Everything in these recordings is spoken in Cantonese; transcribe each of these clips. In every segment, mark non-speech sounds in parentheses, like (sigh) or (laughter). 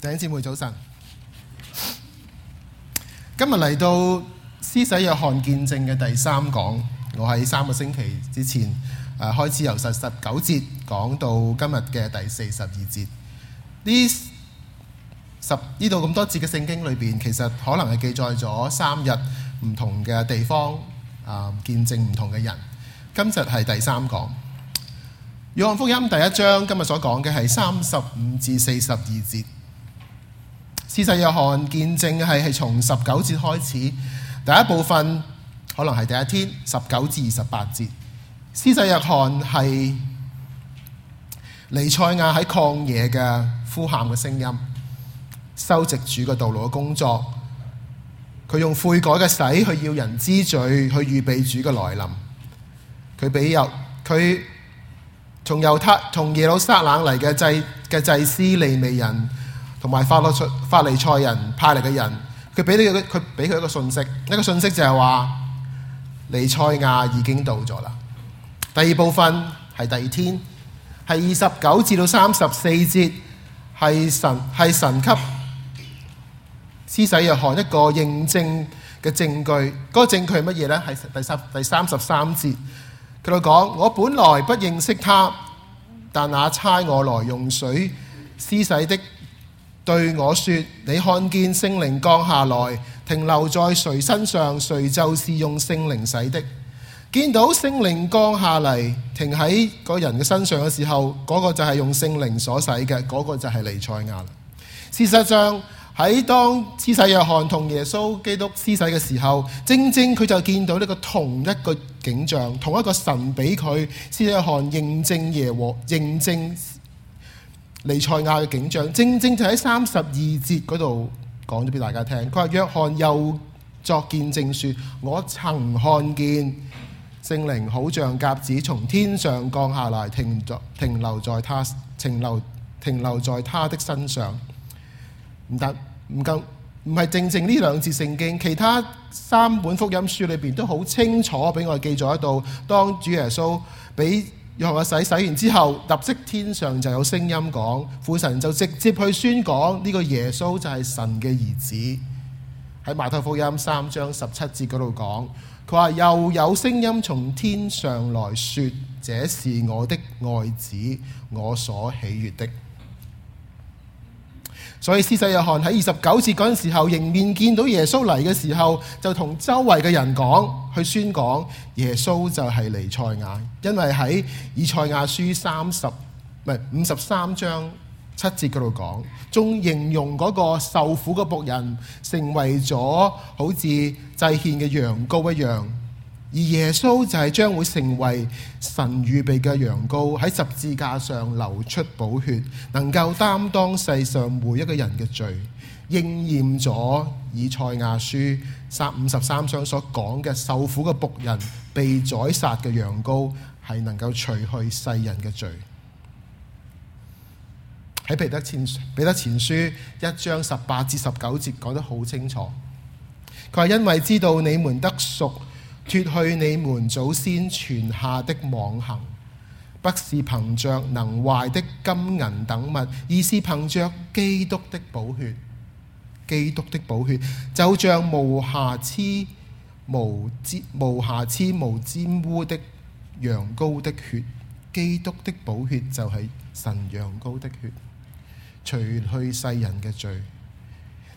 弟兄姊妹早晨，今日嚟到施洗約翰見證嘅第三講，我喺三個星期之前誒、啊、開始由實十,十九節講到今日嘅第四十二節，呢十呢度咁多節嘅聖經裏邊，其實可能係記載咗三日唔同嘅地方啊，見證唔同嘅人，今日係第三講。約翰福音第一章今日所講嘅係三十五至四十二節。.施洗約翰見證係係從十九節開始，第一部分可能係第一天十九至二十八節。施洗約翰係尼賽亞喺曠野嘅呼喊嘅聲音，修直主嘅道路嘅工作。佢用悔改嘅洗去要人之罪，去預備主嘅來臨。佢俾由佢從猶太從耶路撒冷嚟嘅祭嘅祭司利未人。同埋法勒賽法利賽人派嚟嘅人，佢俾咗佢俾佢一個信息，一個信息就係話彌賽亞已經到咗啦。第二部分係第二天，係二十九至到三十四節，係神係神給施洗約翰一個認證嘅證據。嗰、那個證據係乜嘢咧？係第三第三十三節，佢講：我本來不認識他，但那差我來用水施洗的，對我說：你看見聖靈降下來，停留在誰身上，誰就是用聖靈洗的。見到聖靈降下嚟，停喺個人嘅身上嘅時候，嗰、那個就係用聖靈所洗嘅，嗰、那個就係彌賽亞。事實上喺當施洗約翰同耶穌基督施洗嘅時候，正正佢就見到呢個同一個景象，同一個神俾佢施洗約翰認證耶和認證。尼塞亞嘅景象，正正就喺三十二節嗰度講咗俾大家聽。佢話：約翰又作見證説，我曾看見聖靈好像鴿子從天上降下來，停在停留在他停留停留在他的身上。唔得，唔夠，唔係正正呢兩節聖經，其他三本福音書裏邊都好清楚俾我記載喺度。當主耶穌俾約翰洗洗完之後，立即天上就有聲音講，父神就直接去宣講呢個耶穌就係神嘅兒子，喺馬太福音三章十七節嗰度講，佢話又有聲音從天上來說，這是我的愛子，我所喜悅的。所以施洗約翰喺二十九節嗰陣時候迎面見到耶穌嚟嘅時候，就同周圍嘅人講，去宣講耶穌就係彌賽亞。因為喺以賽亞書三十唔係五十三章七節嗰度講，仲形容嗰個受苦嘅僕人成為咗好似祭獻嘅羊羔一樣。而耶穌就係將會成為神預備嘅羊羔，喺十字架上流出寶血，能夠擔當世上每一個人嘅罪，應驗咗以賽亞書三五十三章所講嘅受苦嘅僕人、被宰殺嘅羊羔，係能夠除去世人嘅罪。喺彼得前彼得前書一章十八至十九節講得好清楚，佢話因為知道你們得贖。脫去你們祖先傳下的妄行，不是憑着能壞的金銀等物，而是憑着基督的寶血。基督的寶血就像無瑕疵、無玷、無瑕疵、無玷污的羊羔的血。基督的寶血就係神羊羔的血，除去世人嘅罪。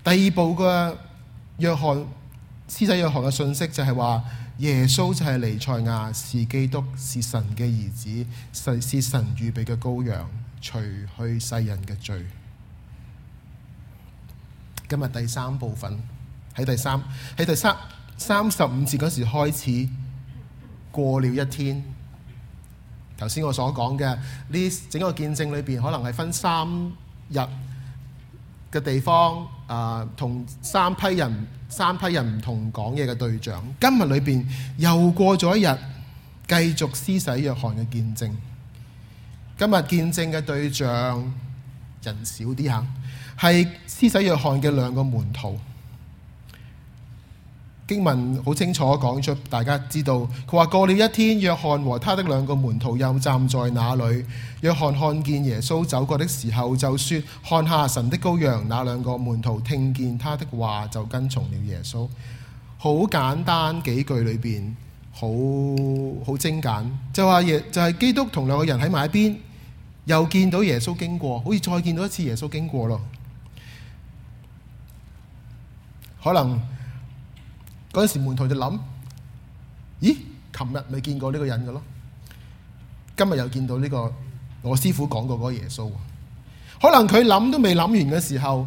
第二步，嘅約翰。師仔要學嘅信息就係話耶穌就係彌賽亞，是基督，是神嘅兒子，是神預備嘅羔羊，除去世人嘅罪。今日第三部分喺第三喺第三三十五節嗰時開始，過了一天。頭先我所講嘅呢整個見證裏邊，可能係分三日。嘅地方，啊、呃，同三批人，三批人唔同講嘢嘅對象。今日裏邊又過咗一日，繼續施洗約翰嘅見證。今日見證嘅對象人少啲吓，係施洗約翰嘅兩個門徒。經文好清楚講出，大家知道佢話，過了一天，約翰和他的兩個門徒又站在那裏。約翰看見耶穌走過的時候，就說：看下神的羔羊。那兩個門徒聽見他的話，就跟從了耶穌。好簡單幾句裏邊，好好精簡，就話耶就係、是、基督同兩個人喺埋一邊，又見到耶穌經過，好似再見到一次耶穌經過咯。可能。嗰陣時門徒就諗：咦，琴日未見過呢個人嘅咯，今日又見到呢、這個我師傅講過嗰個耶穌。可能佢諗都未諗完嘅時候，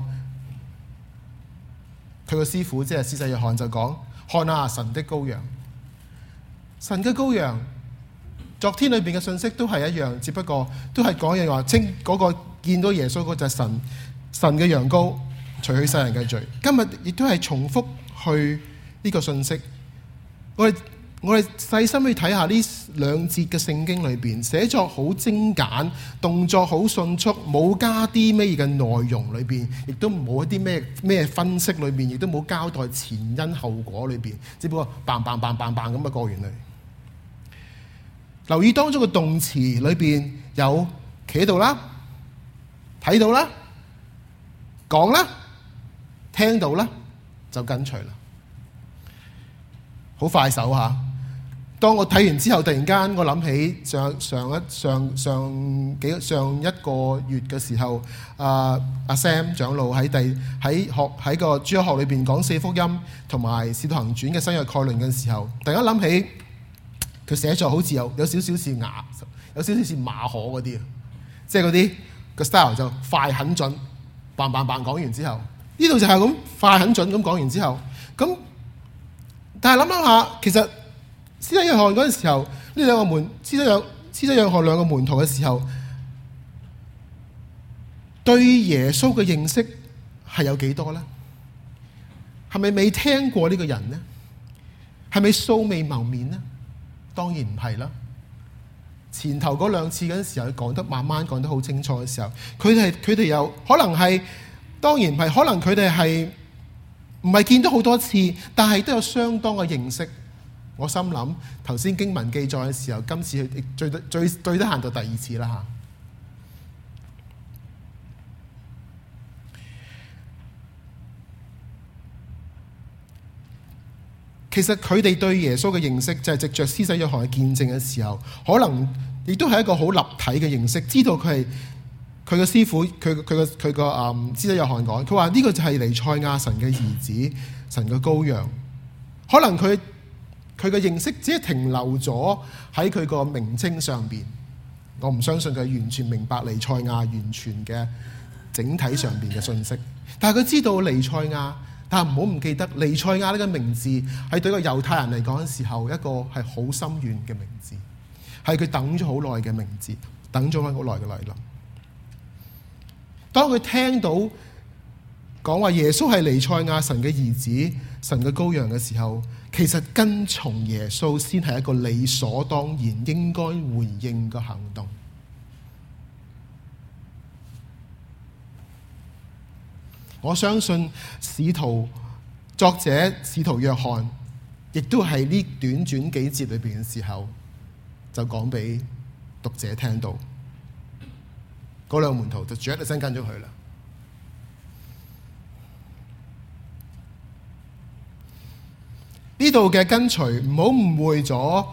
佢個師傅即係施洗約翰就講：看下神的羔羊，神嘅羔羊。昨天裏邊嘅信息都係一樣，只不過都係講嘢樣話，稱嗰、那個見到耶穌嗰隻神，神嘅羊羔，除去世人嘅罪。今日亦都係重複去。呢個信息，我哋我哋細心去睇下呢兩節嘅聖經裏邊，寫作好精簡，動作好迅速，冇加啲咩嘢嘅內容裏邊，亦都冇一啲咩咩分析裏邊，亦都冇交代前因後果裏邊，只不過棒棒棒 g b 咁啊過完嚟。留意當中嘅動詞裏邊有企喺度啦，睇到啦，講啦，聽到啦，就跟隨啦。好快手吓，當我睇完之後，突然間我諗起上上一上上幾上一個月嘅時候，阿、啊、阿 Sam 長老喺第喺學喺個主日學裏邊講四福音同埋《使徒行傳》嘅新約概論嘅時候，突然間諗起佢寫作好似有有少少似牙，有少少似馬可嗰啲，即係嗰啲個 style 就快狠準，棒棒棒講完之後，呢度就係咁快狠準咁講完之後，咁。但係諗諗下，其實施洗約翰嗰陣時候，呢兩個門施洗約施洗約翰兩個門徒嘅時候，對耶穌嘅認識係有幾多咧？係咪未聽過呢個人咧？係咪素未謀面呢？當然唔係啦。前頭嗰兩次嗰陣時候，佢講得慢慢講得好清楚嘅時候，佢哋佢哋有可能係，當然唔係，可能佢哋係。唔係見到好多次，但係都有相當嘅認識。我心諗頭先經文記載嘅時候，今次最最最得閒就第二次啦。嚇、啊，其實佢哋對耶穌嘅認識就係，是，藉着施洗約翰嘅見證嘅時候，可能亦都係一個好立體嘅認識，知道佢係佢嘅師傅，佢佢個佢個嗯，知道有韓講，佢話呢個就係尼賽亞神嘅兒子，神嘅羔羊。可能佢佢嘅認識只係停留咗喺佢個名稱上邊。 (noise) 我唔相信佢完全明白尼賽亞完全嘅整體上邊嘅信息，但係佢知道尼賽亞。但係唔好唔記得尼賽亞呢個名字，係對個猶太人嚟講嘅時候，一個係好深遠嘅名字，係佢等咗好耐嘅名字,等咗好耐嘅來臨。當佢聽到講話耶穌係彌賽亞神嘅兒子、神嘅羔羊嘅時候，其實跟從耶穌先係一個理所當然、應該回應嘅行動。我相信使徒作者使徒約翰，亦都喺呢短短幾節裏邊嘅時候，就講俾讀者聽到。嗰兩門徒就住一起身跟咗佢啦。呢度嘅跟隨唔好誤會咗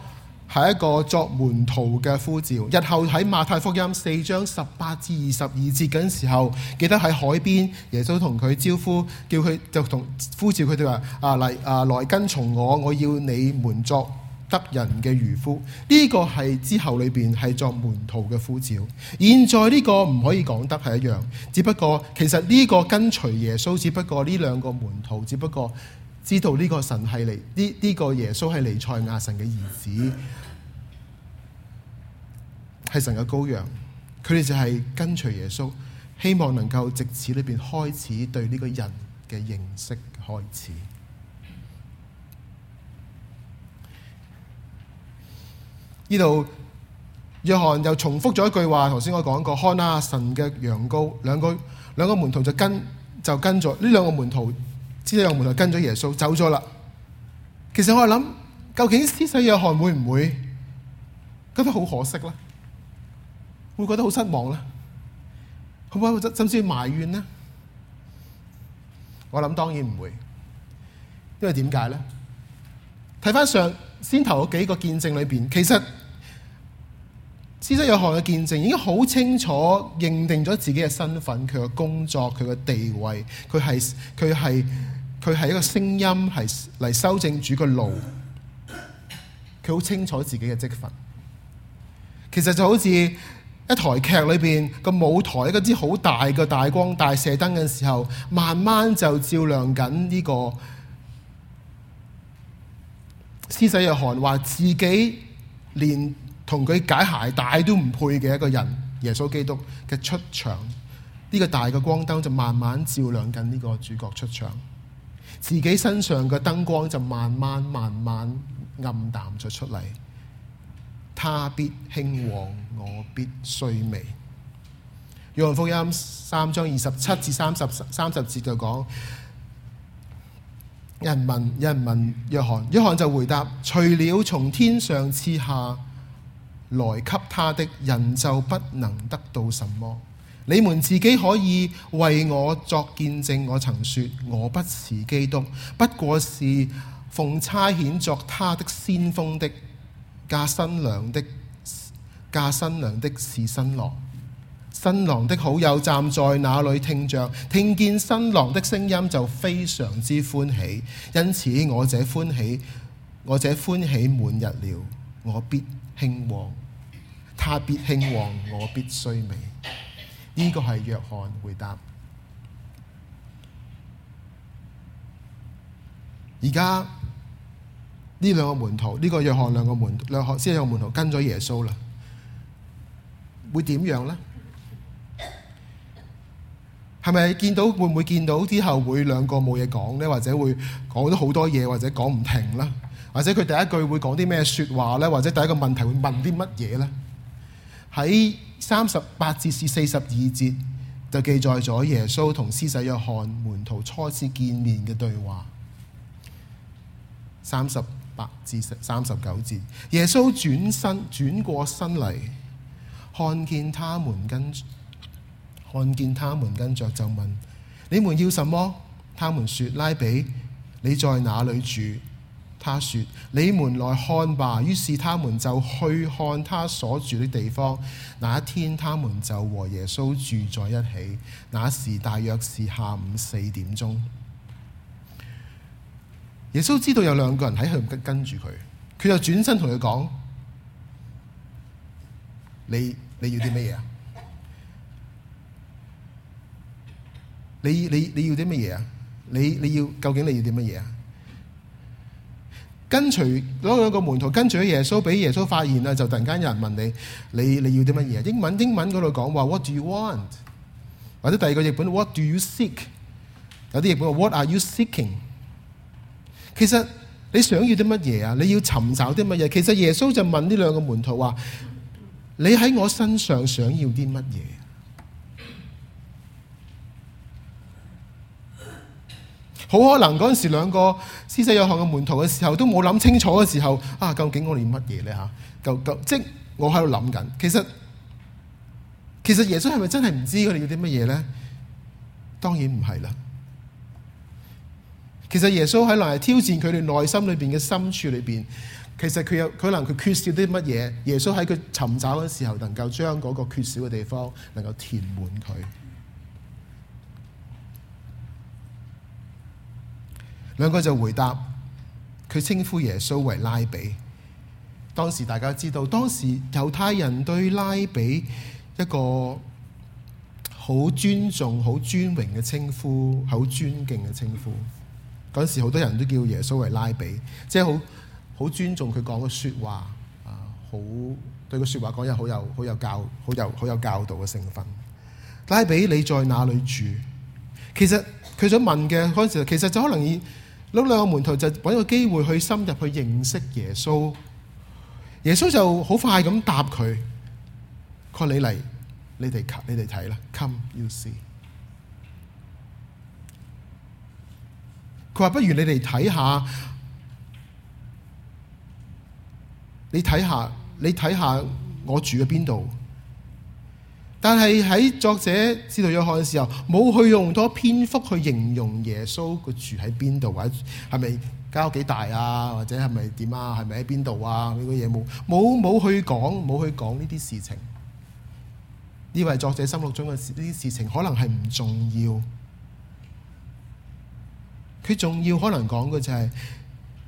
係一個作門徒嘅呼召。日後喺馬太福音四章十八至二十二節嗰時候，記得喺海邊耶穌同佢招呼，叫佢就同呼召佢哋話：，啊嚟，啊來跟從我，我要你們作，得人嘅漁夫，呢、這個係之後裏邊係作門徒嘅呼召。現在呢個唔可以講得係一樣，只不過其實呢個跟隨耶穌，只不過呢兩個門徒，只不過知道呢個神係嚟，呢、這、呢個耶穌係彌賽亞神嘅兒子，係神嘅羔羊。佢哋就係跟隨耶穌，希望能夠藉此裏邊開始對呢個人嘅認識開始。呢度約翰又重複咗一句話，頭先我講過，看哪神嘅羊羔，兩個兩個門徒就跟就跟咗呢兩個門徒，呢兩個門徒跟咗耶穌走咗啦。其實我就諗，究竟施洗約翰會唔會覺得好可惜咧？會覺得好失望咧？會唔會甚至埋怨咧？我諗當然唔會，因為點解咧？睇翻上先頭嗰幾個見證裏邊，其實。施洗約翰嘅見證已經好清楚認定咗自己嘅身份，佢嘅工作，佢嘅地位，佢係佢係佢係一個聲音，係嚟修正主嘅路。佢好清楚自己嘅積份。其實就好似一台劇裏邊個舞台，一支好大嘅大光大射燈嘅時候，慢慢就照亮緊呢、這個施洗。約翰話自己連。同佢解鞋帶都唔配嘅一個人，耶穌基督嘅出場，呢個大嘅光燈就慢慢照亮緊呢個主角出場，自己身上嘅燈光就慢慢慢慢暗淡咗出嚟。他必興旺，我必衰微。約翰福音三章二十七至三十三十節就講，有人問，有人問約翰，約翰就回答：除了從天上賜下，來給他的人就不能得到什麼。你們自己可以為我作見證，我曾說我不是基督，不過是奉差遣作他的先鋒的。嫁新娘的，嫁新娘的是新郎，新郎的好友站在那裏聽着，聽見新郎的聲音就非常之歡喜。因此我這歡喜，我這歡喜滿日了，我必興旺。他必興旺，我必衰微。呢個係約翰回答。而家呢兩個門徒，呢個約翰兩個門兩學，先有門徒跟咗耶穌啦，會點樣呢？係咪見到會唔會見到之後會兩個冇嘢講呢？或者會講咗好多嘢，或者講唔停啦？或者佢第一句會講啲咩說話呢？或者第一個問題會問啲乜嘢呢？喺三十八至四十二節就記載咗耶穌同施洗約翰門徒初次見面嘅對話。三十八至三十九節，耶穌轉身轉過身嚟，看見他們跟看見他們跟著就問：你們要什麼？他們說：拉比，你在哪裏住？他說：你們來看吧。於是他們就去看他所住的地方。那一天，他們就和耶穌住在一起。那時大約是下午四點鐘。耶穌知道有兩個人喺佢後面跟住佢，佢就轉身同佢講：你你要啲乜嘢啊？你你你要啲乜嘢啊？你你要究竟你要啲乜嘢啊？跟隨嗰兩個門徒跟隨耶穌，俾耶穌發現啦，就突然間有人問你，你你要啲乜嘢？英文英文嗰度講話 What do you want？或者第二個譯本 What do you seek？有啲譯本話 What are you seeking？其實你想要啲乜嘢啊？你要尋找啲乜嘢？其實耶穌就問呢兩個門徒話：你喺我身上想要啲乜嘢？好可能嗰陣時兩個施洗約翰嘅門徒嘅時候都冇諗清楚嘅時候啊，究竟我哋要乜嘢呢？嚇、啊？究就即我喺度諗緊，其實其實耶穌係咪真係唔知佢哋要啲乜嘢呢？當然唔係啦。其實耶穌喺能係挑戰佢哋內心裏邊嘅深處裏邊，其實佢有佢可能佢缺少啲乜嘢。耶穌喺佢尋找嘅時候，能夠將嗰個缺少嘅地方能夠填滿佢。兩個就回答，佢稱呼耶穌為拉比。當時大家都知道，當時猶太人對拉比一個好尊重、好尊榮嘅稱呼，好尊敬嘅稱呼。嗰時好多人都叫耶穌為拉比，即係好好尊重佢講嘅說話啊，好對個說話講嘢好有好有教好有好有教導嘅成分。拉比，你在哪裏住？其實佢想問嘅嗰陣時，其實就可能以。嗰兩個門徒就揾個機會去深入去認識耶穌，耶穌就好快咁答佢：佢你嚟，你哋睇，你哋睇啦。Come，you，see？佢話不如你哋睇下，你睇下，你睇下我住喺邊度。但係喺作者知道約翰嘅時候，冇去用多篇幅去形容耶穌佢住喺邊度，或者係咪交屋幾大啊，或者係咪點啊，係咪喺邊度啊？呢、呢個嘢，冇冇冇去講，冇去講呢啲事情。呢位作者心目中嘅呢啲事情，可能係唔重要。佢重要可能講嘅就係、是，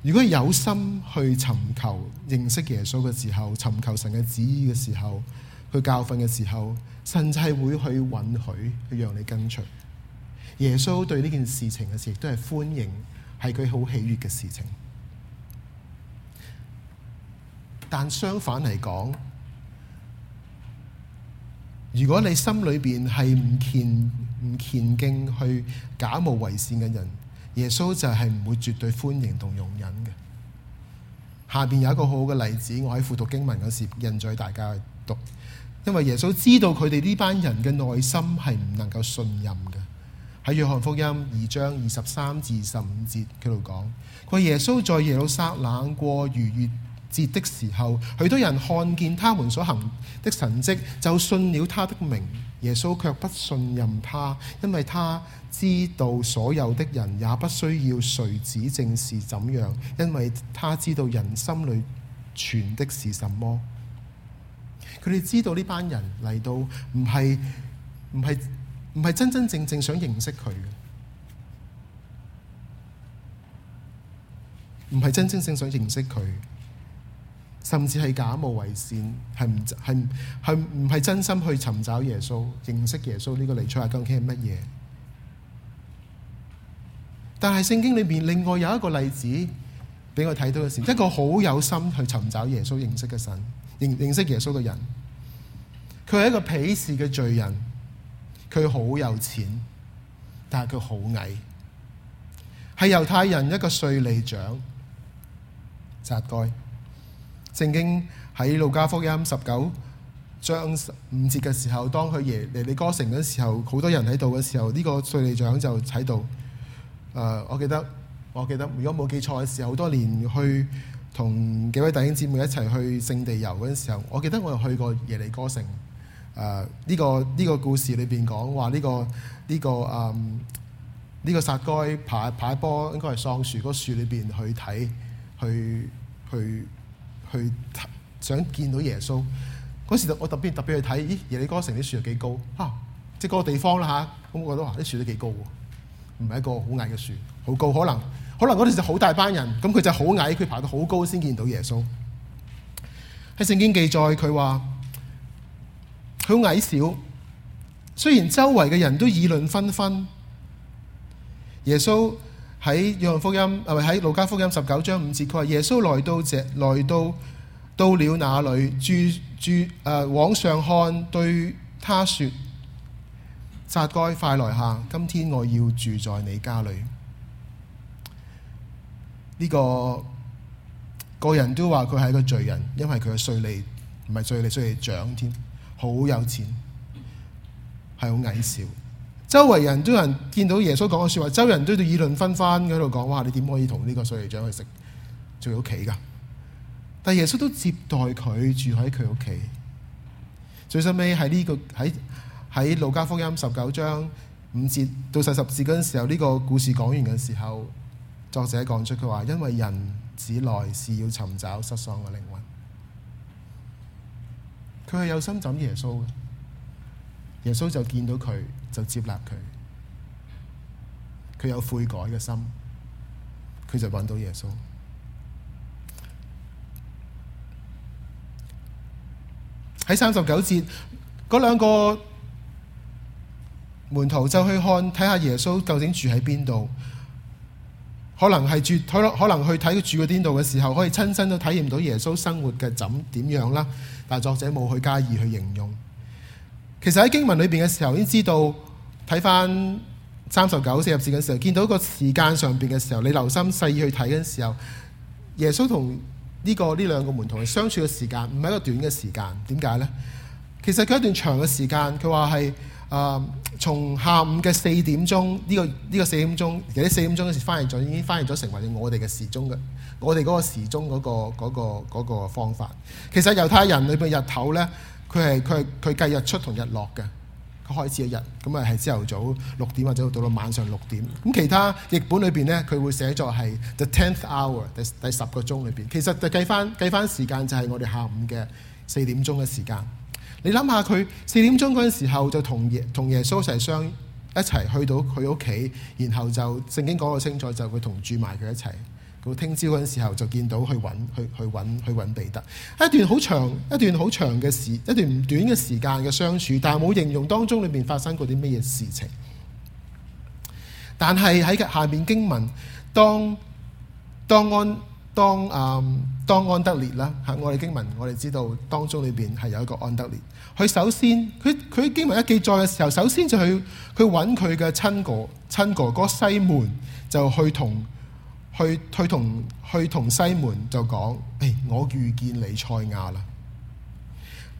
如果有心去尋求認識耶穌嘅時候，尋求神嘅旨意嘅時候。去教訓嘅時候，甚至係會去允許去讓你跟隨。耶穌對呢件事情嘅時，亦都係歡迎，係佢好喜悦嘅事情。但相反嚟講，如果你心裏邊係唔虔唔虔敬去假冒為善嘅人，耶穌就係唔會絕對歡迎同容忍嘅。下邊有一個好好嘅例子，我喺輔讀經文嗰時，印在大家去讀。因為耶穌知道佢哋呢班人嘅內心係唔能夠信任嘅，喺約翰福音二章二十三至二十五節佢度講：佢耶穌在耶路撒冷過逾越節的時候，許多人看見他們所行的神蹟，就信了他的名。耶穌卻不信任他，因為他知道所有的人也不需要誰指證是怎樣，因為他知道人心裏存的是什麼。佢哋知道呢班人嚟到唔係唔係唔係真真正正想認識佢嘅，唔係真真正正想認識佢，甚至係假冒為善，係唔係係唔係真心去尋找耶穌、認識耶穌呢個尼采啊？究竟係乜嘢？但係聖經裏邊另外有一個例子，俾我睇到嘅是，一個好有心去尋找耶穌、認識嘅神。認識耶穌嘅人，佢係一個鄙視嘅罪人，佢好有錢，但係佢好矮，係猶太人一個稅吏長，撒該。聖經喺路加福音十九章五節嘅時候，當佢耶利哥城嗰時候，好多人喺度嘅時候，呢、這個稅吏長就喺度。誒、呃，我記得，我記得，如果冇記錯嘅時候，好多年去。同幾位弟兄姊妹一齊去聖地遊嗰陣時候，我記得我又去過耶利哥城。誒、呃、呢、這個呢、這個故事裏邊講話呢個呢、這個誒呢、嗯這個撒該爬爬，爬一樖應該係桑樹嗰樹裏邊去睇去去去，去想見到耶穌。嗰時我特別我特別去睇，咦耶利哥城啲樹有幾高？嚇、啊，即係嗰個地方啦嚇，咁、啊、我覺得話啲、啊、樹都幾高喎，唔係一個好矮嘅樹，好高可能。可能嗰度就好大班人，咁佢就好矮，佢爬到好高先見到耶穌。喺聖經記載，佢話佢好矮小，雖然周圍嘅人都議論紛紛。耶穌喺約翰福音，係咪喺路加福音十九章五節？佢話耶穌來到這，來到到了哪裏、住住呃？往上看，對他說：撒該，快來下，今天我要住在你家裏。呢、這個個人都話佢係個罪人，因為佢係稅吏唔係稅吏，稅吏長添，好有錢，係好矮小。周圍人都有人見到耶穌講嘅說話，周人都喺度議論紛紛，喺度講：哇，你點可以同呢個稅吏長去食住屋企噶？但耶穌都接待佢住喺佢屋企。最後尾係呢個喺喺路加福音十九章五節到十十字嗰陣時候，呢、這個故事講完嘅時候。作者講出佢話，因為人子來是要尋找失喪嘅靈魂，佢係有心找耶穌嘅，耶穌就見到佢就接納佢，佢有悔改嘅心，佢就揾到耶穌。喺三十九節，嗰兩個門徒就去看睇下耶穌究竟住喺邊度。可能係住，可能去睇佢住嗰啲度嘅時候，可以親身都體驗到耶穌生活嘅怎點樣啦。但作者冇去加以去形容。其實喺經文裏邊嘅時候已經知道，睇翻三十九、四十節嘅時候，見到個時間上邊嘅時候，你留心細意去睇嘅時候，耶穌同呢個呢兩個門徒嘅相處嘅時間唔係一個短嘅時間，點解呢？其實佢一段長嘅時間，佢話係。啊、嗯！從下午嘅四點鐘，呢、呢個呢、呢個四點鐘，其實四點鐘嗰時翻譯咗，已經翻譯咗成為我哋嘅時鐘嘅，我哋嗰個時鐘嗰、嗰個嗰個嗰個方法。其實猶太人裏邊日頭呢，佢係佢係佢計日出同日落嘅，佢開始一日，咁啊係朝頭早六點或者到到晚上六點。咁其他譯本裏邊呢，佢會寫作係 the tenth hour 第第十個鐘裏邊，其實就計翻計翻時間就係我哋下午嘅四點鐘嘅時間。你諗下佢四點鐘嗰陣時候就同同耶穌一齊一齊去到佢屋企，然後就聖經講個清楚，就佢同住埋佢一齊，到聽朝嗰陣時候就見到去搵去去搵去搵彼得，一段好長一段好長嘅時一段唔短嘅時間嘅相處，但係冇形容當中裏面發生過啲咩嘢事情，但係喺下面經文當當安。當啊、嗯，當安德烈啦，嚇！我哋經文，我哋知道當中裏邊係有一個安德烈。佢首先，佢佢經文一記載嘅時候，首先就去去揾佢嘅親哥親哥哥西門，就去同去去同去同西門就講：誒、哎，我遇見你塞亞啦。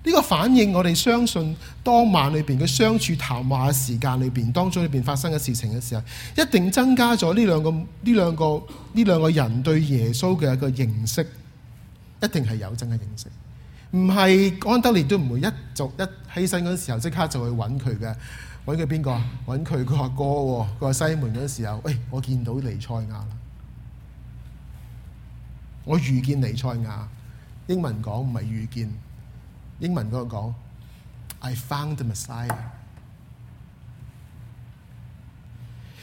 呢個反應，我哋相信當晚裏邊嘅相處談話嘅時間裏邊，當中裏邊發生嘅事情嘅時候，一定增加咗呢兩個呢兩個呢兩個人對耶穌嘅一個認識，一定係有真嘅認識，唔係安德烈都唔會一就一起身嗰時候即刻就去揾佢嘅，揾佢邊個？揾佢個阿哥喎，佢話西門嗰時候，喂、哦哎，我見到尼賽亞啦，我遇見尼賽亞，英文講唔係遇見。英文嗰個講，I found the Messiah。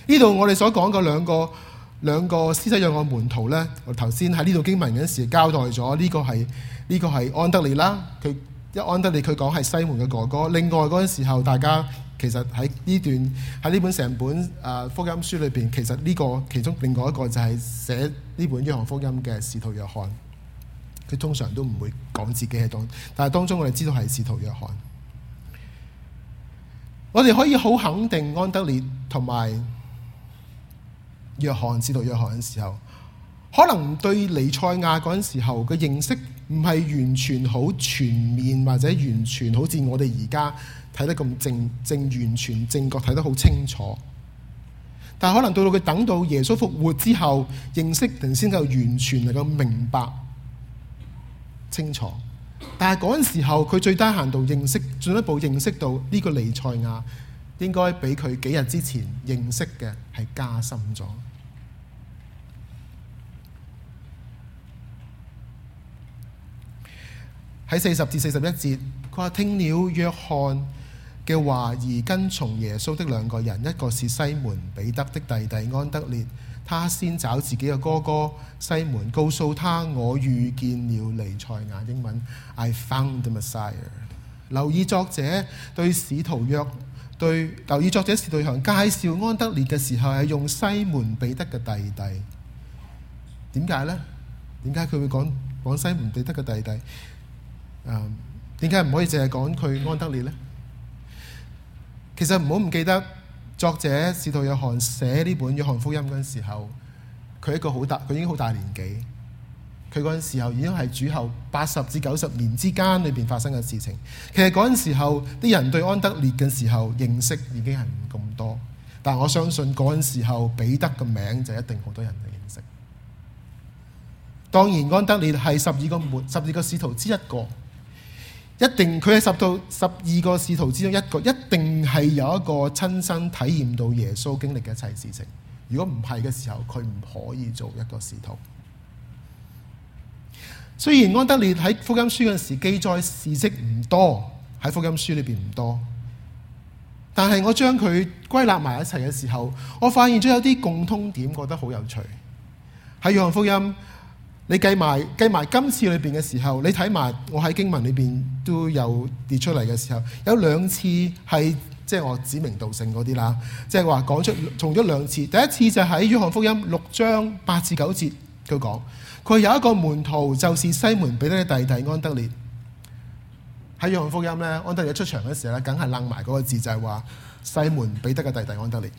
呢度我哋所講嘅兩個兩個施洗約翰嘅門徒呢。我頭先喺呢度經文嗰陣時交代咗，呢個係呢個係安德利啦。佢一安德利佢講係西門嘅哥哥。另外嗰陣時候，大家其實喺呢段喺呢本成本啊福音書裏邊，其實呢個其中另外一個就係寫呢本《約翰福音》嘅使徒約翰。佢通常都唔會講自己喺當，但係當中我哋知道係使徒約翰。我哋可以好肯定安德烈同埋約翰使徒約翰嘅時候，可能對尼賽亞嗰陣時候嘅認識唔係完全好全面，或者完全好似我哋而家睇得咁正正完全正確睇得好清楚。但係可能到到佢等到耶穌復活之後，認識先至完全能夠明白。清楚，但係嗰陣時候佢最低限度認識，進一步認識到呢個彌賽亞應該比佢幾日之前認識嘅，係加深咗。喺四十至四十一節，佢話聽了約翰嘅話而跟從耶穌的兩個人，一個是西門彼得的弟弟安德烈。他先找自己嘅哥哥西門，告訴他，我遇見了彌賽亞。英文 I found the Messiah。留意作者對使徒約對，留意作者使徒約翰介紹安德烈嘅時候係用西門彼得嘅弟弟。點解呢？點解佢會講講西門彼得嘅弟弟？嗯，點解唔可以淨係講佢安德烈呢？其實唔好唔記得。作者使徒約翰寫呢本約翰福音嗰陣時候，佢一個好大，佢已經好大年紀。佢嗰陣時候已經係主後八十至九十年之間裏邊發生嘅事情。其實嗰陣時候啲人對安德烈嘅時候認識已經係唔咁多，但我相信嗰陣時候彼得嘅名就一定好多人嘅認識。當然安德烈係十二個門十二個使徒之一個。一定佢係十到十二個使徒之中一個，一定係有一個親身體驗到耶穌經歷嘅一切事情。如果唔係嘅時候，佢唔可以做一個使徒。雖然安德烈喺福音書嘅時記載事跡唔多，喺福音書裏邊唔多，但係我將佢歸納埋一齊嘅時候，我發現咗有啲共通點，覺得好有趣。喺約翰福音。你計埋計埋今次裏邊嘅時候，你睇埋我喺經文裏邊都有列出嚟嘅時候，有兩次係即係我指名道姓嗰啲啦，即係話講出重咗兩次。第一次就喺《約翰福音》六章八至九節，佢講佢有一個門徒就是西門彼得嘅弟弟安德烈。喺《約翰福音》呢，安德烈一出場嘅時候呢梗係冷埋嗰個字就係、是、話西門彼得嘅弟弟安德烈。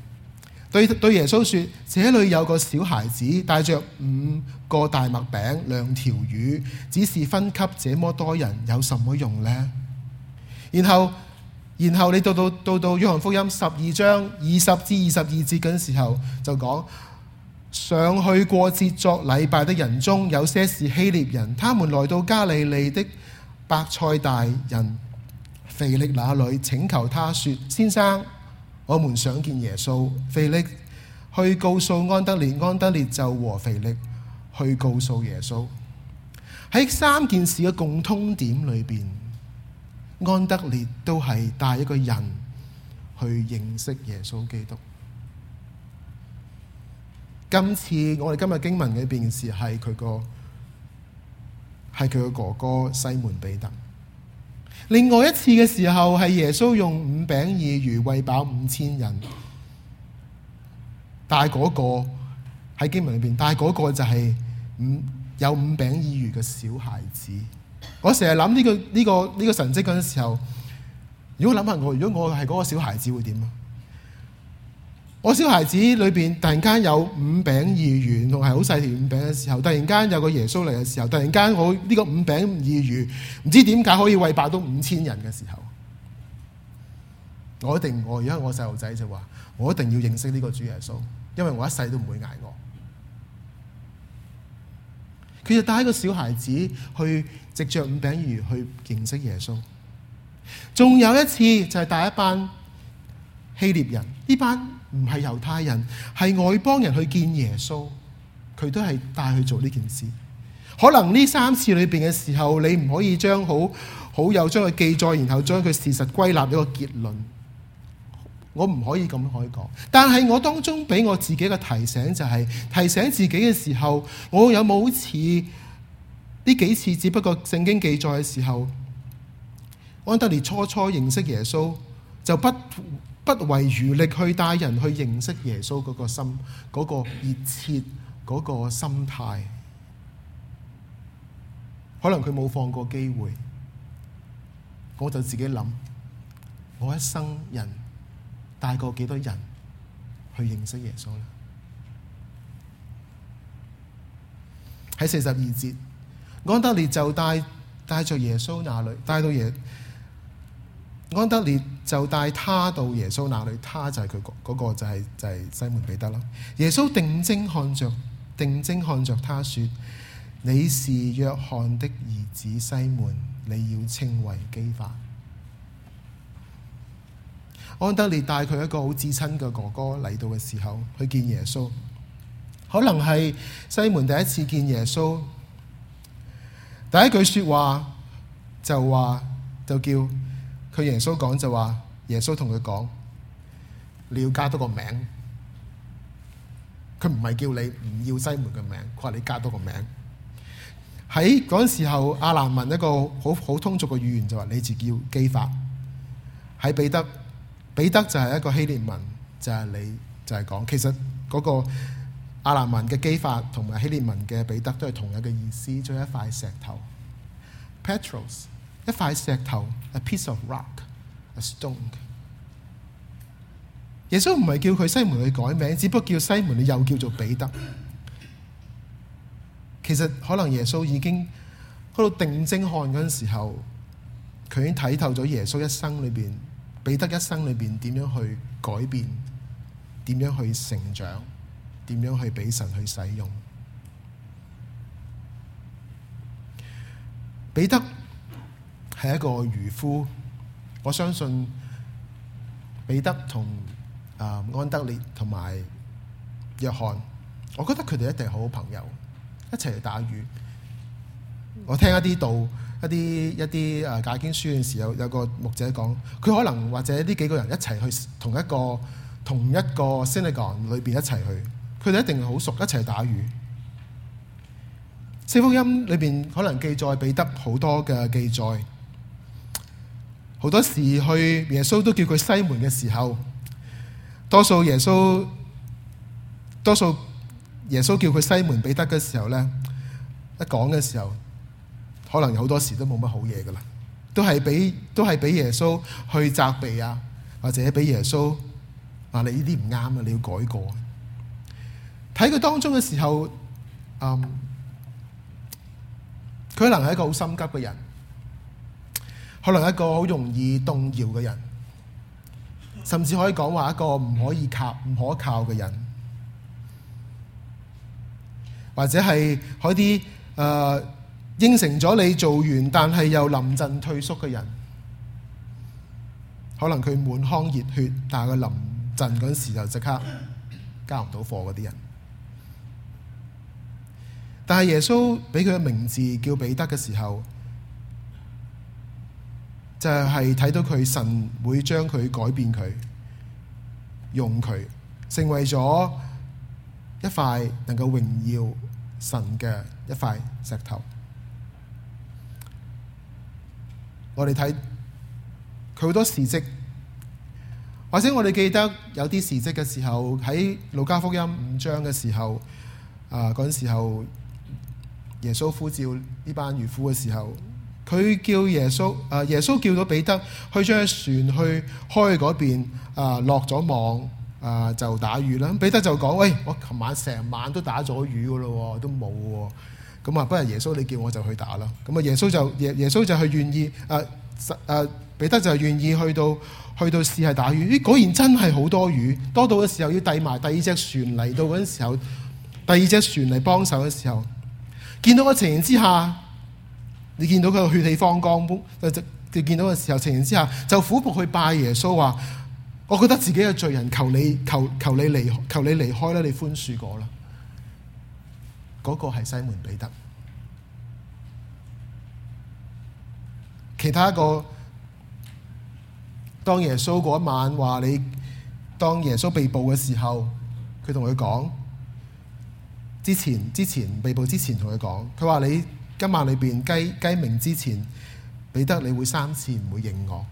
對，對耶穌說，這裏有個小孩子，帶着五個大麥餅、兩條魚，只是分給這麼多人，有什麼用呢？然後然後你到到到到約翰福音十二章二十至二十二節嘅時候，就講上去過節作禮拜的人中，有些是希臘人，他們來到加利利的白菜大人腓力那裏，請求他說：先生。我們想見耶穌，腓力去告訴安德烈，安德烈就和腓力去告訴耶穌。喺三件事嘅共通點裏邊，安德烈都係帶一個人去認識耶穌基督。今次我哋今日經文嘅一件事係佢個，係佢嘅哥哥西門彼得。另外一次嘅時候，係耶穌用五餅二魚餵飽五千人，但係嗰、那個喺經文裏面，但係嗰個就係五有五餅二魚嘅小孩子。我想、這個這個這個這個、成日諗呢個呢個呢個神蹟嗰陣時候，如果諗下我，如果我係嗰個小孩子會點啊？我小孩子裏邊突然間有五餅二魚，同係好細條五餅嘅時候，突然間有個耶穌嚟嘅時候，突然間我呢個五餅二魚唔知點解可以餵飽到五千人嘅時候，我一定我而家我細路仔就話，我一定要認識呢個主耶穌，因為我一世都唔會捱餓。佢就帶一個小孩子去藉着五餅二魚去認識耶穌。仲有一次就係帶一班希臘人呢班。唔係猶太人，係外邦人去見耶穌，佢都係帶去做呢件事。可能呢三次裏邊嘅時候，你唔可以將好好有將佢記載，然後將佢事實歸納一個結論。我唔可以咁樣可以講，但係我當中俾我自己嘅提醒就係、是、提醒自己嘅時候，我有冇好似呢幾次只不過聖經記載嘅時候，安德烈初初認識耶穌就不。不遺餘力去帶人去認識耶穌嗰個心，嗰個熱切，嗰個心態。可能佢冇放過機會，我就自己諗，我一生人帶過幾多人去認識耶穌咧？喺四十二節，安德烈就帶帶着耶穌那裏，帶到耶。安德烈就帶他到耶穌那裏，他就係佢嗰個就係、係、就係、係、西門彼得咯。耶穌定睛看着，定睛看着他說：你是約翰的兒子西門，你要稱為基法。安德烈帶佢一個好至親嘅哥哥嚟到嘅時候，去見耶穌，可能係西門第一次見耶穌，第一句說話就話就叫。佢耶穌講就話，耶穌同佢講，你要加多個名。佢唔係叫你唔要西門嘅名，佢話你加多個名。喺嗰陣時候，亞蘭文一個好好通俗嘅語言就話、是、你自叫基法。喺彼得，彼得就係一個希臘文，就係、是、你，就係、是、講其實嗰個亞蘭文嘅基法同埋希臘文嘅彼得都係同樣嘅意思，即、就、係、是、一塊石頭。Petros 一塊石頭，a piece of rock，a stone。耶穌唔係叫佢西門去改名，只不過叫西門，你又叫做彼得。其實可能耶穌已經嗰度定睛看嗰陣時候，佢已經睇透咗耶穌一生裏邊，彼得一生裏邊點樣去改變，點樣去成長，點樣去俾神去使用，彼得。係一個漁夫，我相信彼得同啊安德烈同埋約翰，我覺得佢哋一定好朋友，一齊去打魚。我聽一啲道，一啲一啲啊解經書嘅時候，有個牧者講，佢可能或者呢幾個人一齊去同一個同一個 synagogue 裏邊一齊去，佢哋一定好熟，一齊打魚。四福音裏邊可能記載彼得好多嘅記載。好多時去耶穌都叫佢西門嘅時候，多數耶穌多數耶穌叫佢西門彼得嘅時候咧，一講嘅時候，可能好多時都冇乜好嘢㗎喇，都係俾都係俾耶穌去責備啊，或者俾耶穌話你呢啲唔啱啊，你要改過。睇佢當中嘅時候，嗯，佢可能係一個好心急嘅人。可能一個好容易動搖嘅人，甚至可以講話一個唔可以靠、唔可靠嘅人，或者係嗰啲誒應承咗你做完，但係又臨陣退縮嘅人。可能佢滿腔熱血，但係佢臨陣嗰時就即刻交唔到貨嗰啲人。但係耶穌俾佢嘅名字叫彼得嘅時候。就係睇到佢，神會將佢改變佢，用佢成為咗一塊能夠榮耀神嘅一塊石頭。我哋睇佢好多事蹟，或者我哋記得有啲事蹟嘅時候，喺路加福音五章嘅時候，啊嗰陣時候耶穌呼召呢班漁夫嘅時候。佢叫耶穌，啊耶穌叫到彼得去將隻船去開嗰邊，啊落咗網，啊就打魚啦。彼得就講，喂，我琴晚成晚都打咗魚噶咯，都冇，咁啊，不如耶穌你叫我就去打啦。咁啊，耶穌就耶耶穌就係願意，誒、啊、誒彼得就係願意去到去到試下打魚。咦，果然真係好多魚，多到嘅時候要遞埋第二隻船嚟到嗰陣時候，第二隻船嚟幫手嘅時候，見到個情形之下。你見到佢血氣方剛，就就見到嘅時候，情形之下就俯伏去拜耶穌，話：我覺得自己嘅罪人求，求你求求你離開啦，你寬恕我啦。嗰、那個係西門彼得。其他一個，當耶穌嗰晚話你，當耶穌被捕嘅時候，佢同佢講之前之前被捕之前同佢講，佢話你。今晚裏邊雞雞鳴之前，彼得你會三次唔會認我？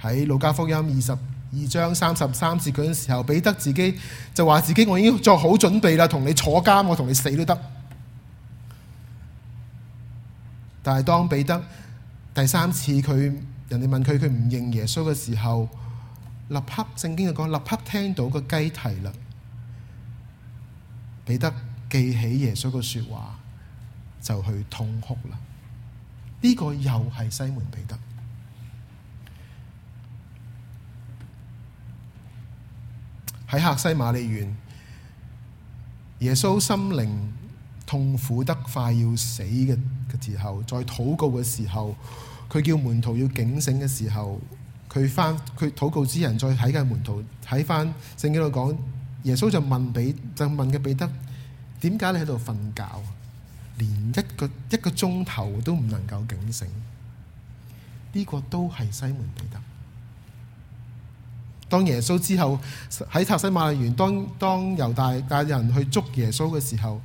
喺路加福音二十二章三十三節嗰陣時候，彼得自己就話自己，我已經做好準備啦，同你坐監，我同你死都得。但係當彼得第三次佢人哋問佢，佢唔認耶穌嘅時候，立刻正經嘅講，立刻聽到個雞啼啦，彼得記起耶穌嘅說話。就去痛哭啦！呢、這個又係西門彼得喺客西馬利園，耶穌心靈痛苦得快要死嘅嘅時候，再禱告嘅時候，佢叫門徒要警醒嘅時候，佢翻佢禱告之人再睇嘅門徒睇翻聖經度講，耶穌就問彼就問嘅彼得，點解你喺度瞓覺？連一個一個鐘頭都唔能夠警醒，呢、這個都係西門彼得。當耶穌之後喺塔西馬利園，當當猶大帶人去捉耶穌嘅時候，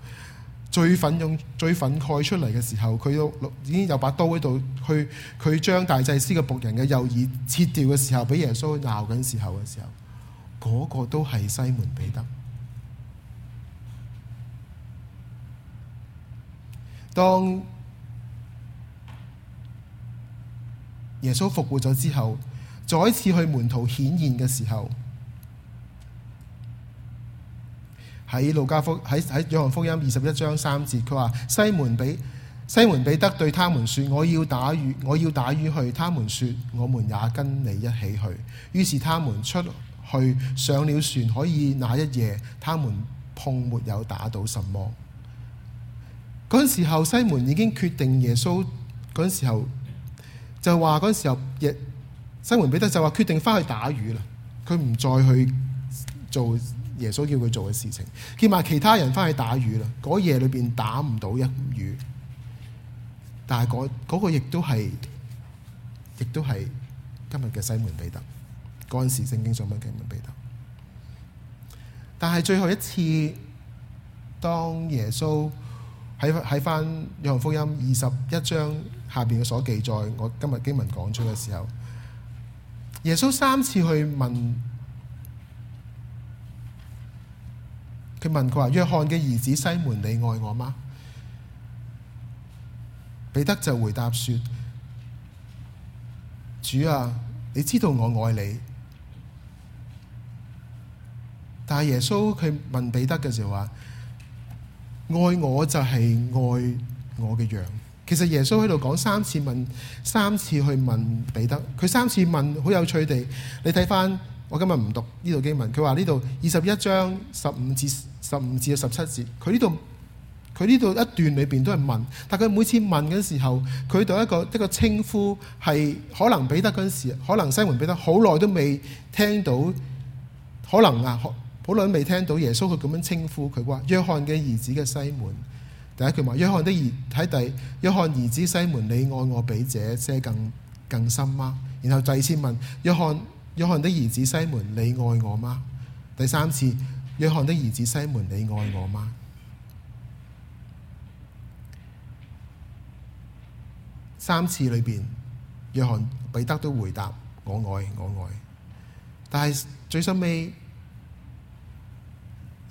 最憤湧最憤慨出嚟嘅時候，佢要已經有把刀喺度，去佢將大祭司嘅僕人嘅右耳切掉嘅時候，俾耶穌鬧緊時候嘅時候，嗰、這個都係西門彼得。當耶穌復活咗之後，再次去門徒顯現嘅時候，喺路加福喺喺約翰福音二十一章三節，佢話：西門比西門彼得對他們說：我要打魚，我要打魚去。他們說：我們也跟你一起去。於是他們出去上了船，可以那一夜，他們碰沒有打到什麼。嗰陣時候，西門已經決定耶穌嗰陣、那個、時候就話嗰陣時候，西門彼得就話決定翻去打魚啦。佢唔再去做耶穌叫佢做嘅事情，叫埋其他人翻去打魚啦。嗰、那個、夜裏邊打唔到一魚，但係嗰、那個亦都係，亦都係今日嘅西門彼得。嗰、那、陣、個、時聖經上講嘅西門彼得，但係最後一次當耶穌。睇喺翻《約翰福音》二十一章下邊嘅所記載，我今日經文講出嘅時候，耶穌三次去問，佢問佢話：約翰嘅兒子西門，你愛我嗎？彼得就回答說：主啊，你知道我愛你，但係耶穌佢問彼得嘅時候話。愛我就係愛我嘅羊。其實耶穌喺度講三次問，三次去問彼得。佢三次問，好有趣地，你睇翻，我今日唔讀呢度經文。佢話呢度二十一章十五至十五至十七節，佢呢度佢呢度一段裏邊都係問，但佢每次問嘅時候，佢對一個一個稱呼係可能彼得嗰陣時，可能西門彼得好耐都未聽到，可能啊。好耐未聽到耶穌佢咁樣稱呼佢，話約翰嘅兒子嘅西門。第一句話約翰的兒，睇第約翰兒子西門，你愛我比這些更更深嗎？然後第二次問約翰，約翰的兒子西門，你愛我嗎？第三次，約翰的兒子西門，你愛我嗎？三次裏邊，約翰彼得都回答我愛我愛，但係最收尾。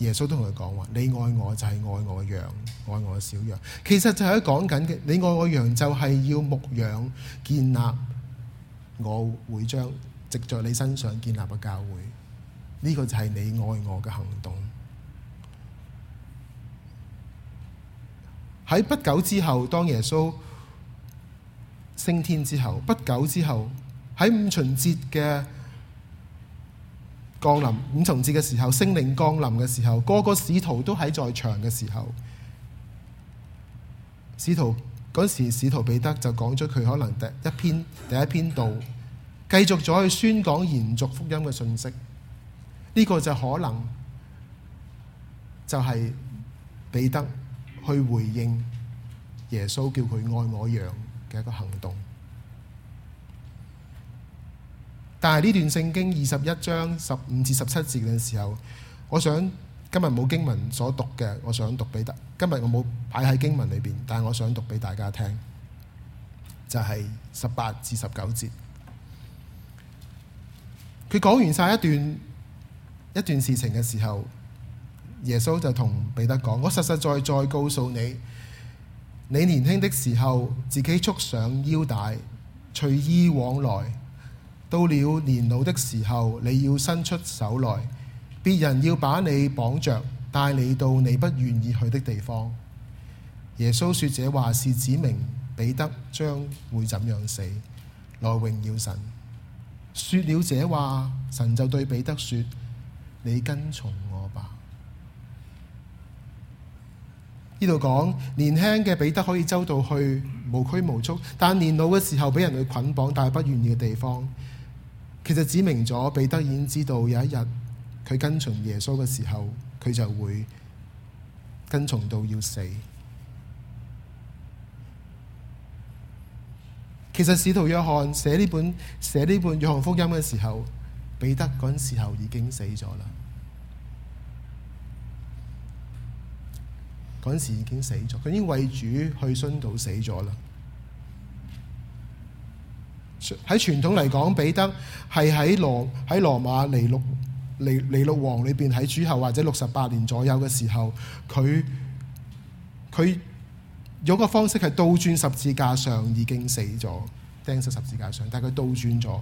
耶穌都同佢講話：你愛我就係愛我嘅羊，愛我嘅小羊。其實就係講緊嘅，你愛我羊就係要牧養。」建立，我會將藉在你身上建立嘅教會。呢個就係你愛我嘅行動。喺不久之後，當耶穌升天之後，不久之後喺五旬節嘅。降臨五重節嘅時候，聖靈降臨嘅時候，個個使徒都喺在，在場嘅時候。使徒嗰時，使徒彼得就講咗佢可能第一篇第一篇道繼續咗去宣講延續福音嘅信息。呢、這個就可能就係彼得去回應耶穌叫佢愛我養嘅一個行動。但係呢段聖經二十一章十五至十七節嘅時候，我想今日冇經文所讀嘅，我想讀彼得。今日我冇擺喺經文裏邊，但係我想讀俾大家聽，就係十八至十九節。佢講完晒一段一段事情嘅時候，耶穌就同彼得講：我實實在在告訴你，你年輕的時候自己束上腰帶，隨意往來。到了年老的時候，你要伸出手來，別人要把你綁着，帶你到你不願意去的地方。耶穌說這話是指明彼得將會怎樣死，來榮耀神。說了這話，神就對彼得說：你跟從我吧。呢度講年輕嘅彼得可以周到去無拘無束，但年老嘅時候俾人去捆綁，帶不願意嘅地方。其實指明咗彼得已經知道有一日佢跟從耶穌嘅時候，佢就會跟從到要死。其實使徒約翰寫呢本寫呢本約翰福音嘅時候，彼得嗰陣時候已經死咗啦。嗰陣時已經死咗，佢已經為主去殉道死咗啦。喺傳統嚟講，彼得係喺羅喺羅馬尼祿尼尼祿王裏邊喺主後或者六十八年左右嘅時候，佢佢有個方式係倒轉十字架上，已經死咗釘喺十字架上，但係佢倒轉咗。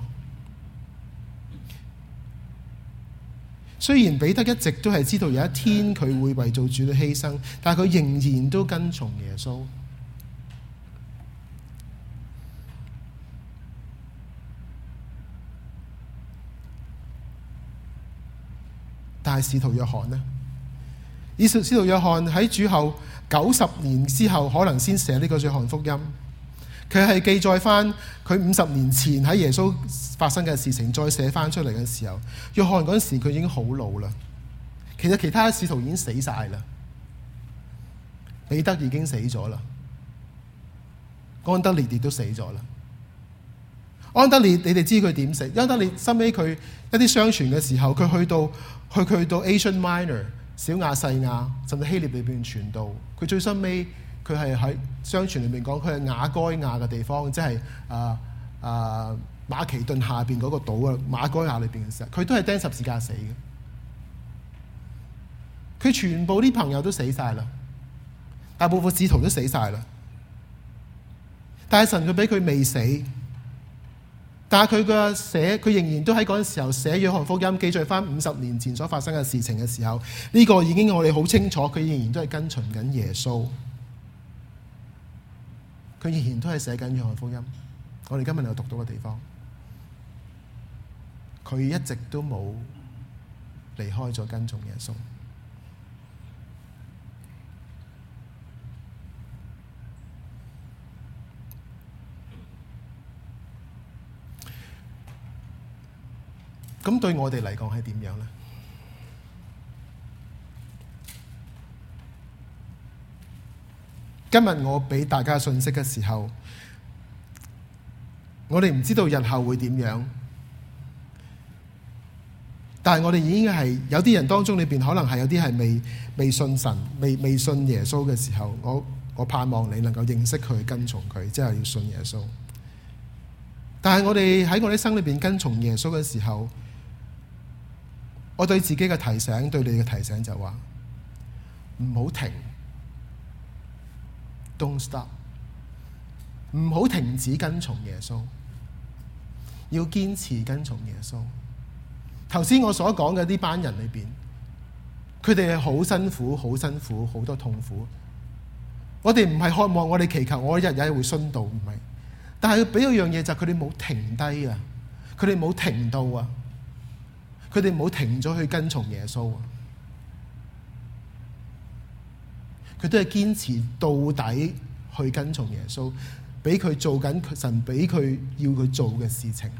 雖然彼得一直都係知道有一天佢會為做主嘅犧牲，但係佢仍然都跟從耶穌。係使徒約翰呢？以說使徒約翰喺主後九十年之後，可能先寫呢個約翰福音。佢係記載翻佢五十年前喺耶穌發生嘅事情，再寫翻出嚟嘅時候，約翰嗰陣時佢已經好老啦。其實其他使徒已經死晒啦，彼得已經死咗啦，安德烈亦都死咗啦，安德烈你哋知佢點死？安德烈收尾佢一啲相傳嘅時候，佢去到。去到 Asian Minor 小亞細亞，甚至希臘裏邊傳道。佢最深尾，佢係喺相傳裏邊講，佢係亞該亞嘅地方，即係啊，啊馬其頓下面嗰個島啊，馬該亞裏面嘅時候，佢都係釘十字架死嘅。佢全部啲朋友都死曬啦，大部分使徒都死曬啦，但係神佢俾佢未死。但係佢嘅寫，佢仍然都喺嗰陣時候寫約翰福音，記載返五十年前所發生嘅事情嘅時候，呢、這個已經我哋好清楚，佢仍然都係跟隨緊耶穌，佢仍然都係寫緊約翰福音，我哋今日能夠讀到嘅地方，佢一直都冇離開咗跟從耶穌。咁對我哋嚟講係點樣呢？今日我俾大家信息嘅時候，我哋唔知道日後會點樣，但係我哋已經係有啲人當中裏邊，可能係有啲係未未信神、未未信耶穌嘅時候，我我盼望你能夠認識佢、跟從佢，即係要信耶穌。但係我哋喺我哋生裏邊跟從耶穌嘅時候，我對自己嘅提醒，對你嘅提醒就話：唔好停，don't stop，唔好停止跟從耶穌，要堅持跟從耶穌。頭先我所講嘅呢班人裏邊，佢哋係好辛苦，好辛苦，好多痛苦。我哋唔係渴望，我哋祈求，我一日日會殉道，唔係。但係佢俾一樣嘢就係佢哋冇停低啊，佢哋冇停到啊。佢哋冇停咗去跟從耶穌，佢都係堅持到底去跟從耶穌，俾佢做緊神俾佢要佢做嘅事情。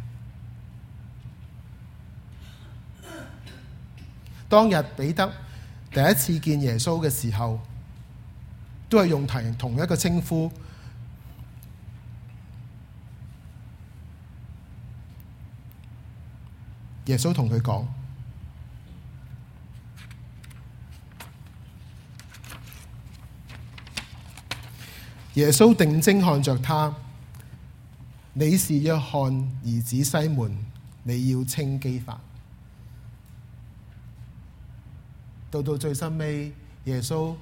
當日彼得第一次見耶穌嘅時候，都係用同一個稱呼。耶穌同佢講：耶穌定睛看着他，你是約翰兒子西門，你要稱磯法。到到最深尾，耶穌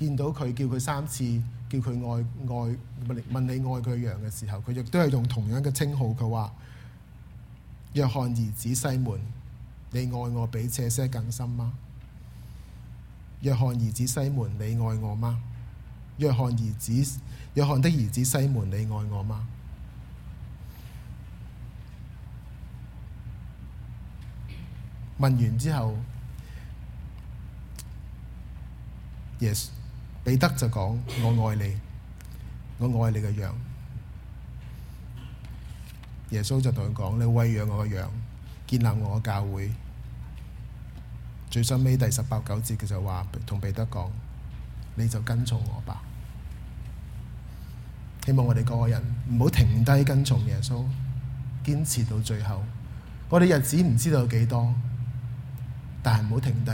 見到佢叫佢三次，叫佢愛愛問你愛佢羊嘅時候，佢亦都係用同樣嘅稱號，佢話。約翰兒子西門，你愛我比這些更深嗎？約翰兒子西門，你愛我嗎？約翰兒子，約翰的兒子西門，你愛我嗎？問完之後，耶、yes, 穌彼得就講：我愛你，我愛你嘅樣。耶穌就同佢講：你喂養我嘅羊，建立我嘅教會。最收尾第十八九節，佢就話同彼得講：你就跟從我吧。希望我哋個人唔好停低跟從耶穌，堅持到最後。我哋日子唔知道有幾多，但係唔好停低，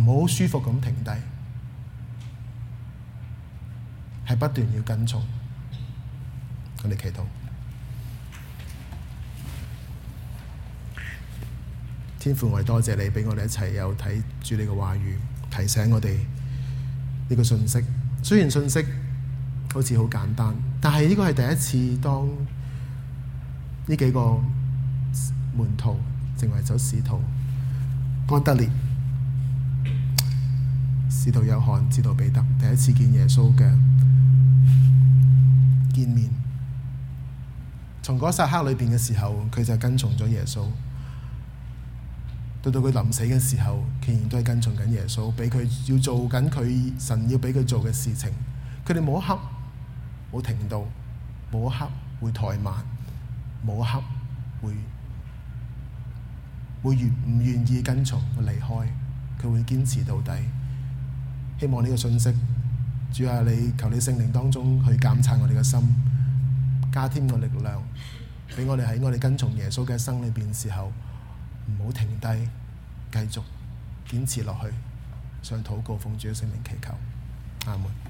唔好舒服咁停低，係不斷要跟從。我哋祈禱。天父，我哋多謝你俾我哋一齊有睇住你嘅話語，提醒我哋呢個信息。雖然信息好似好簡單，但係呢個係第一次當呢幾個門徒成為咗使徒。安德烈、使徒約翰、使徒彼得，第一次見耶穌嘅見面，從嗰剎刻裏邊嘅時候，佢就跟從咗耶穌。到到佢臨死嘅時候，仍然都係跟從緊耶穌，俾佢要做緊佢神要俾佢做嘅事情。佢哋冇一刻冇停到，冇一刻會怠慢，冇一刻會會願唔願意跟從佢離開，佢會堅持到底。希望呢個信息，主要啊，你求你聖靈當中去鑒察我哋嘅心，加添個力量俾我哋喺我哋跟從耶穌嘅生裏邊時候。唔好停低，繼續堅持落去，上禱告奉主的聖名祈求，阿門。